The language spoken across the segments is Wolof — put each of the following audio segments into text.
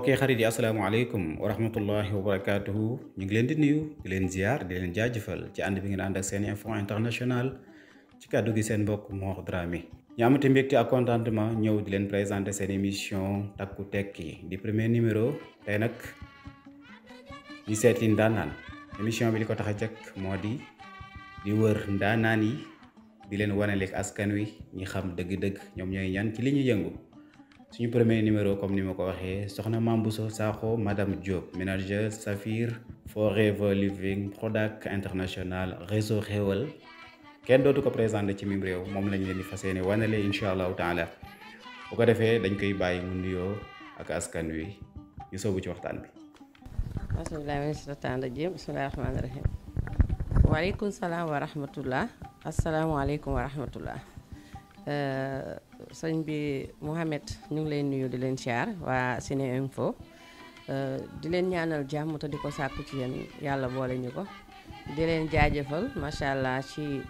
mbokki xarit yi asalaamaaleykum wa rahmatullahi wa barakaatuhu ñu ngi leen di nuyu di leen ziar di leen jaajëfal ci ànd bi ngeen ànd ak seen info international ci kàddu gi seen mbokk moo Dramé ñu amati mbégte ak contentement ñëw di leen présenter seen émission takku tekki di premier numéro tey nag ñu seeti ndaanaan émission bi li ko tax a jëkk moo di di wër ndaanaan yi di leen wanaleeg askan wi ñi xam dëgg-dëgg ñoom ñooy ñan ci li ñu yëngu suñu premier numéro comme ni ma ko waxee soxna Mame Bousso Sakho madame Diop manager Safir Forever Living Prodac International réseau Xéwal kenn dootu ko présenté ci mim réew moom lañ leen fa fas yéene wanale incha allahu taala bu ko defee dañ koy bàyyi mu nuyoo ak askan wi ñu soobu ci waxtaan bi. bismillahi mina shaytaani rajiim bismillahi rahmaani rahiim waaleykum salaam wa rahmatullah asalaamaaleykum wa euh, sëñ bi Mouhamed ñu ngi leen nuyu di leen siyaar waa Sene Info euh, di leen ñaanal jàmm te di ko sàkku ci yéen yàlla boole ñu ko di leen jaajëfal macha allah ci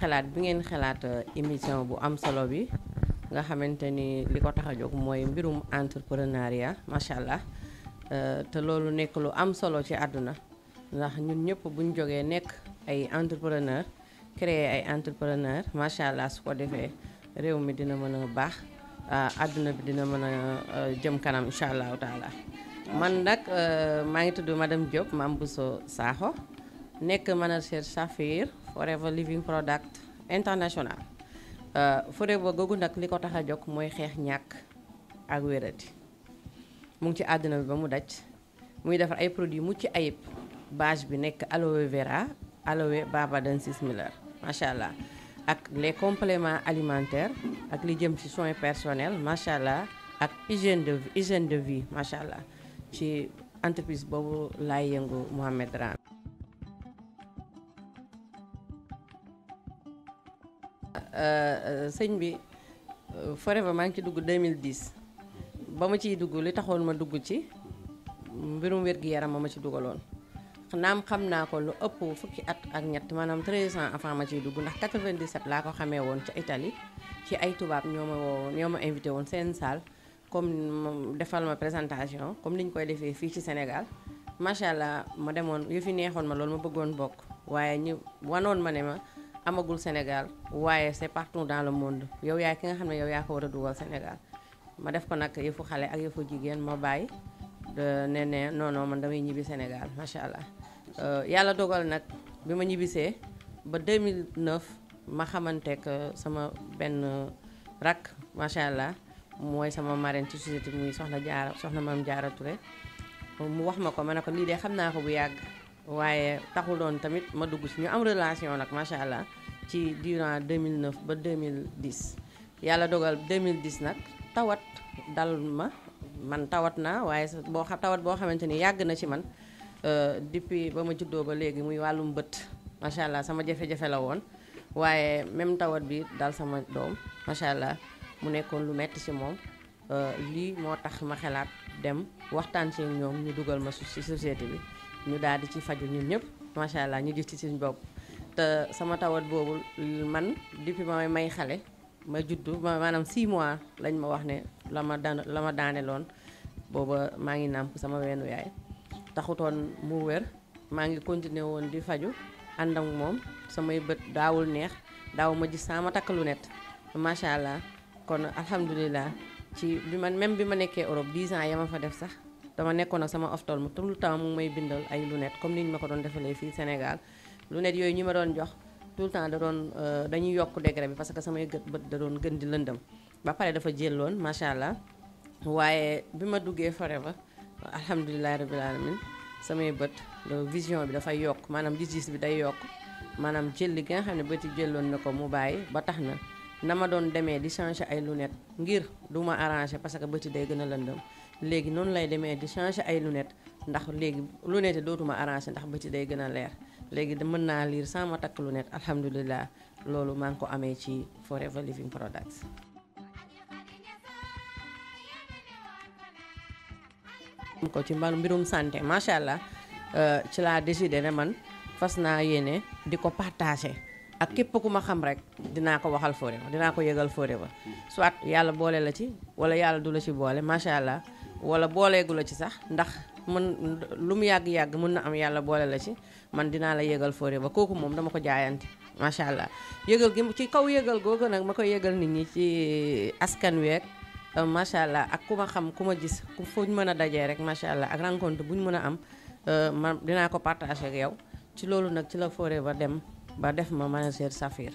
xalaat bi ngeen xalaat euh, émission bu am solo bi nga xamante ni li ko tax a jóg mooy mbirum entrepreneuriat macha allah euh, te loolu nekk lu am solo ci àdduna ndax ñun ñëpp buñ jógee nekk ay entrepreneur créer ay entrepreneur macha allah su ko defee. réew mi dina mën a baax ah, àdduna bi dina mën a euh, jëm kanam incha allahu taala man nag euh, maa ngi tudd madame Diop Mame Bousso Sakho nekk manager Saphir Forever Living Product International euh, Forever googu nag li ko tax a jóg mooy xeex ñàkk ak wérati mu ngi ci àdduna bi ba mu daj muy defar ay produits mucc ayib base bi nekk aloe vera aloe baba densis miller macha allah. ak les complement alimentaire ak li jëm ci soins personnels macha allah ak hygiène de hygiène de vie macha allah ci entreprise boobu laay yëngu Mohamed Dramé. Euh, sëñ bi Forever maa ngi ci dugg 2010 ba ma ciy dugg li taxoon ma dugg ci mbirum wér-gi-yaram ma ma ci dugaloon. naam xam naa ko lu ëpp fukki at ak ñett maanaam 13 ans avant ma ciy dugg ndax 97 laa ko xamee woon ca Italie ci ay tubaab ñoo ma woo ñoo ma invité woon seen salle comme defal ma présentation comme ni ñu koy defee fii ci Sénégal macha allah ma demoon yu fi neexoon ma loolu ma bëggoon bokk waaye ñi wanoon ma ne ma amagul Sénégal waaye c'est partout dans le monde yow yaay ki nga xam ne yow yaa ko war a dugal Sénégal ma def ko nag yëfu xale ak yëfu jigéen ma bàyyi. Euh, ne ne non non man damay ñibbi Sénégal macha allah euh, yàlla dogal nag bi ma ñibbisee ba 2009 ma xamanteek sama benn rak macha allah mooy sama marine ci société muy soxna jaara soxna maam jaara Touré mu wax ma ko ma ne ko lii dee xam naa ko bu yàgg waaye taxul doon tamit ma dugg si ñu am relation nag macha allah ci mille 2009 ba mille 2010 yàlla dogal 2010 nag tawat dal ma man tawat naa waaye boo xam tawat boo xamante ni yàgg na ci man euh, depuis ba ma juddoo ba léegi muy wàllum bët macha allah sama jafe-jafe la woon waaye même tawat bi daal sama doom macha allah mu nekkoon lu metti ci moom euh, lii moo tax ma xalaat dem waxtaan ci ñoom ñu dugal ma ci société bi ñu daal di ci faju ñun ñëpp macha allah ñu gis ci suñu bopp te sama tawat boobu man depuis ba may xale ma juddu ma maanaam 6 mois lañ ma wax ne la ma daan la ma daane loon booba maa ngi nàmp sama weenu yaay taxutoon mu wér maa ngi continuer woon di faju ànd ak moom samay bët daawul neex daaw ma gis sama takk lunette macha allah kon alhamdulilah ci bi man même bi ma nekkee Europe 10 ans ya ma fa def sax dama nekkoon ak sama ophtalmo tout le temps mu ngi may bindal ay lunettes comme ni ñu ma ko doon defalee fii Sénégal lunettes yooyu ñi ma doon jox. tout le temps da doon euh, dañu yokk degré bi parce que samay gët bët da doon gën di lëndëm ba pare dafa jëlloon macha allah waaye bi ma duggee forever alhamdulilah rabil alamin samay bët vision bi dafay yokk maanaam gis-gis bi day yokk maanaam jëlli gi nga xam ne bëti jëlloon na ko mu bàyyi ba tax na na ma doon demee di changer ay lunettes ngir du ma arrangé parce que bëti day gën a lëndëm léegi noonu lay demee di changer ay lunettes ndax léegi lunette dootuma arrangé ndax bëti day gën a leer léegi mën naa liir sans ma takk lunette alhamdulilah loolu maa ngi ko amee ci Forever Living Products. am ko ci mbirum santé macha allah euh, ci laa décidé ne man fas naa yéene di ko partagé ak képp ku ma xam rek dinaa ko waxal Forever dinaa ko yëgal Forever soit yàlla boole la ci wala yàlla du la ci boole macha allah wala booleegu la ci sax ndax. man lu mu yàgg-yàgg mun na am yàlla boole la ci man dinaa la yëgal foore ba kooku moom dama ko jaayanti macha allah yëgal gi ci kaw yëgal googu nag ma ko yëgal nit ñi ci askan week euh, macha allah ak ku ma xam ku ma gis ku fuñ mën a dajee rek macha allah ak rencontre bu ñu mën a am euh, ma dinaa ko partager ak yow ci loolu nag ci la foore ba dem ba def ma manager Safir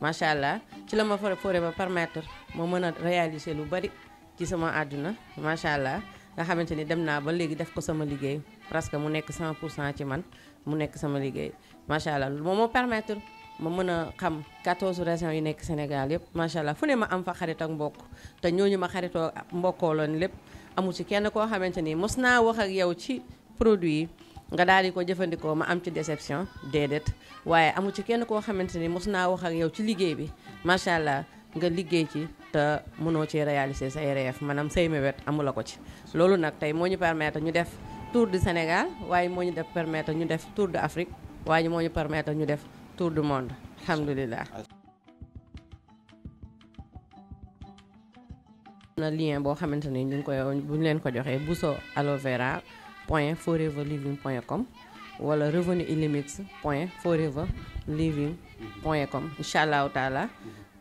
macha allah ci la ma foore ba permettre ma mën a réaliser lu bari ci sama àdduna macha allah nga xamante ni dem naa ba léegi def ko sama liggéey presque mu nekk cent pour cent ci man mu nekk sama liggéey macha allah moom moo permettre ma mën a xam 14 régions yi nekk Sénégal yëpp macha allah fu ne ma am fa xarit ak mbokk te ñooñu ma xaritoo mbokkoo loon lépp amu ci kenn koo xamante ni mos naa wax ak yow ci produit yi nga daal di ko jëfandikoo ma am ci déception déedéet waaye amu ci kenn koo xamante ni mos naa wax ak yow ci liggéey bi macha allah nga liggéey ci. te mënoo ci réaliser say rêve maanaam say mébét amula ko ci loolu nag tey moo ñu permettre ñu def tour du Sénégal waaye moo ñu def permettre ñu def tour de Afrique waaye moo ñu permettre ñu def tour du monde alhamdulilah na lien boo xamante ni ñu koy bu ñu leen ko joxee buso aloe vera point forever living point com wala revenu illimité point forever living point com incha allahu taala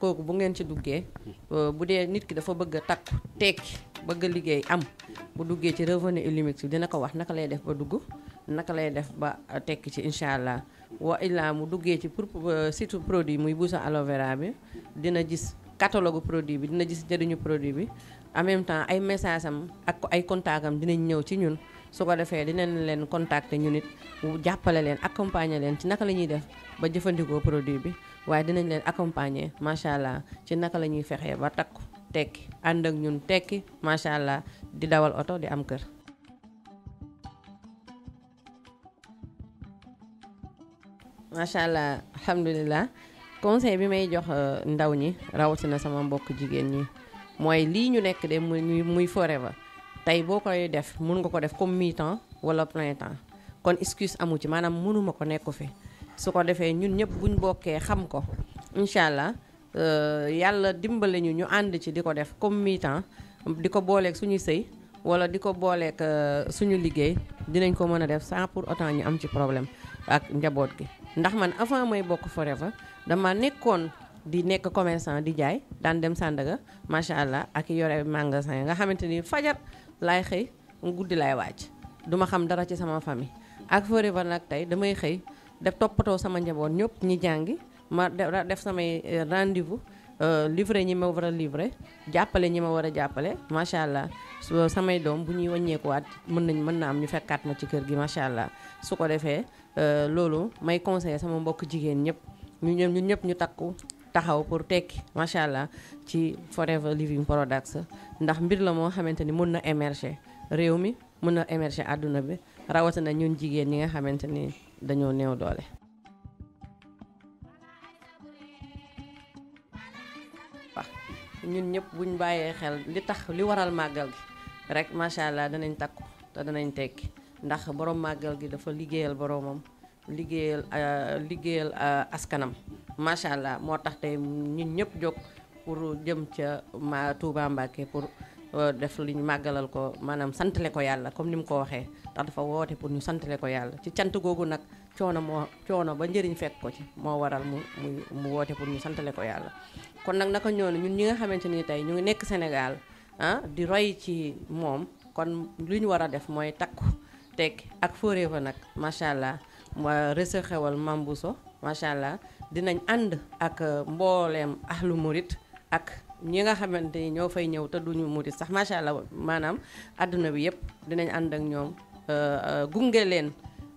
kooku bu ngeen ci duggee euh, bu dee nit ki dafa bëgg takk tekki bëgg liggéey am bu duggee ci revenu illimité bi dina ko wax naka lay def ba dugg naka lay def ba euh, tekki ci incha allah wa illaa mu duggee ci pour euh, surtout produit muy buusa aloe bi dina gis catalogue produit bi dina gis njëriñu produit bi en même temps ay message am ak ay contact am dinañ ñëw ci ñun su ko defee dinañ leen contacter ñun it jàppale leen accompagner leen ci naka la ñuy def ba waaye dinañ leen accompagner macha allah ci naka la ñuy fexee ba takku tekki ànd ak ñun tekki macha allah di dawal oto di am kër. macha allah alhamdulilah conseil bi may jox euh, ndaw ñi rawatina sama mbokk jigéen ñi mooy lii ñu nekk de muy muy ba tey boo koy def mun nga ko def comme mi-temps wala plein temps kon excuse amu ci maanaam mënuma ko nekku fi. su ko defee ñun ñëpp buñ bokkee xam ko incha allah euh, yàlla dimbale ñu ñu ànd ci di ko def comme mi-temps di ko booleeg suñu sëy wala di ko booleeg euh, suñu liggéey dinañ ko mën a def sans pour autant ñu am ci problème ak njaboot gi ndax man avant mooy bokk Forever dama nekkoon di nekk commerçant di jaay daan dem Sandaga macha allah ak yore magasin nga xamante ni fajar laay xëy guddi laay wàcc duma xam dara ci sama famille ak Forever nag tey damay xëy def toppatoo sama njaboot ñëpp ñi jàngi ma def samay euh, rendez-vous euh, livré ñi ma war a livré jàppale ñi ma war a jàppale macha allah su euh, samay doom bu ñuy wàññeekuwaat mën nañ mën na am ñu fekkaat ma ci kër gi macha allah su ko defee loolu may conseillé sama mbokk jigéen ñëpp ñu ñu ñëpp ñu takku taxaw pour tekki macha allah ci Forever Living Products ndax mbir la moo xamante ni mun na émerger réew mi mun na émerger àdduna bi rawatina ñun jigéen ñi nga xamante ni. dañoo néew doole. Ah, ñun ñëpp buñ bàyyee xel li tax li waral màggal gi rek macha allah danañ takku te danañ tekki ndax borom màggal gi dafa liggéeyal boroomam liggéeyal ah, liggéeyal ah, askanam macha allah moo tax tey ñun ñëpp jóg pour jëm ca ma Touba pour. def li ñu màggalal ko maanaam santale ko yàlla comme ni mu ko waxee ndax dafa woote pour ñu santale ko yàlla ci cant googu nag coono moo coono ba njëriñ fekk ko ci moo waral mu mu mu woote pour ñu santale ko yàlla kon nag naka ñoonu ñun ñi nga xamante ni tey ñu ngi nekk Sénégal ah di roy ci moom kon li ñu war a def mooy takku tekki ak forever nag macha allah Rese Xewal Mame Bousso macha allah dinañ ànd ak mbooleem ahlu murit ak ñi nga xamante ni ñoo fay ñëw te duñu murit sax macha allah maanaam àdduna bi yëpp dinañ ànd ak ñoom euh, euh, gunge leen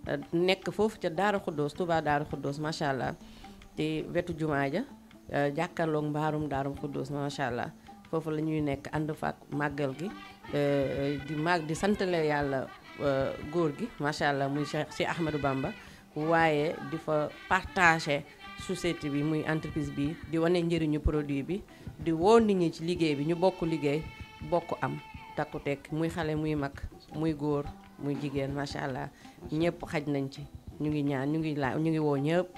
euh, nekk foofu ca Daaru Xuddoos Touba Daaru Xuddoos macha allah te wetu jumaa ja jàkkaarloog mbaarum Daaru Xuddoos macha allah foofu la ñuy nekk ànd fa ak màggal gi di màgg di santale yàlla góor gi macha allah muy Cheikh si Ahmadou Bamba waaye di fa partagé société bi muy entreprise bi di wane njëriñu produit bi di woo nit ñi ci liggéey bi ñu bokk liggéey bokk am takku tekk muy xale muy mag muy góor muy jigéen macha allah ñëpp xaj nañ ci ñu ngi ñaan ñu ngi laa ñu ngi woo ñëpp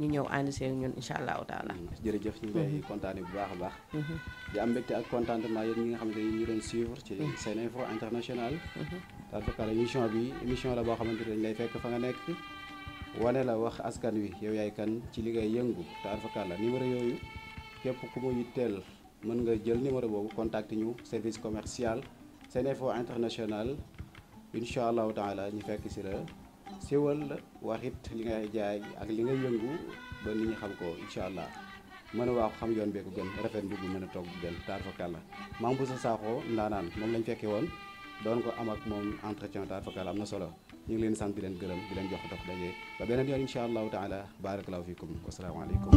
ñu ñëw ànd seen ñun incha allahu taala. jërëjëf ñu ngi lay mhm. bu baax a baax. Mhm. di am mbégte ak contentement yéen ñi nga xam ne ñu doon suivre ci mhm. seen info international. en tout mission bi émission la boo xamante ne dañ lay fekk fa nga nekk. wane la wax askan wi yow yaay kan ci li yëngu te en képp ku mu yitteel mën nga jël numéro boobu contact ñu service commercial Seneinfo International incha allahu taala ñu fekk si la siwal wax it li ngay jaay ak li ngay yëngu ba nit ñu xam ko incha allah mën a waaw xam yoon bee ko gën rafet bu mën a toog bu gën taar fa kàlla maam bu sa saaxoo ndaanaan moom lañ fekkee woon doon ko am ak moom entretien taar fa kàlla am na solo ñu ngi leen sant di leen gërëm di leen jox dox daje ba beneen yoon incha allahu taala barakallahu fikum wasalaamaaleykum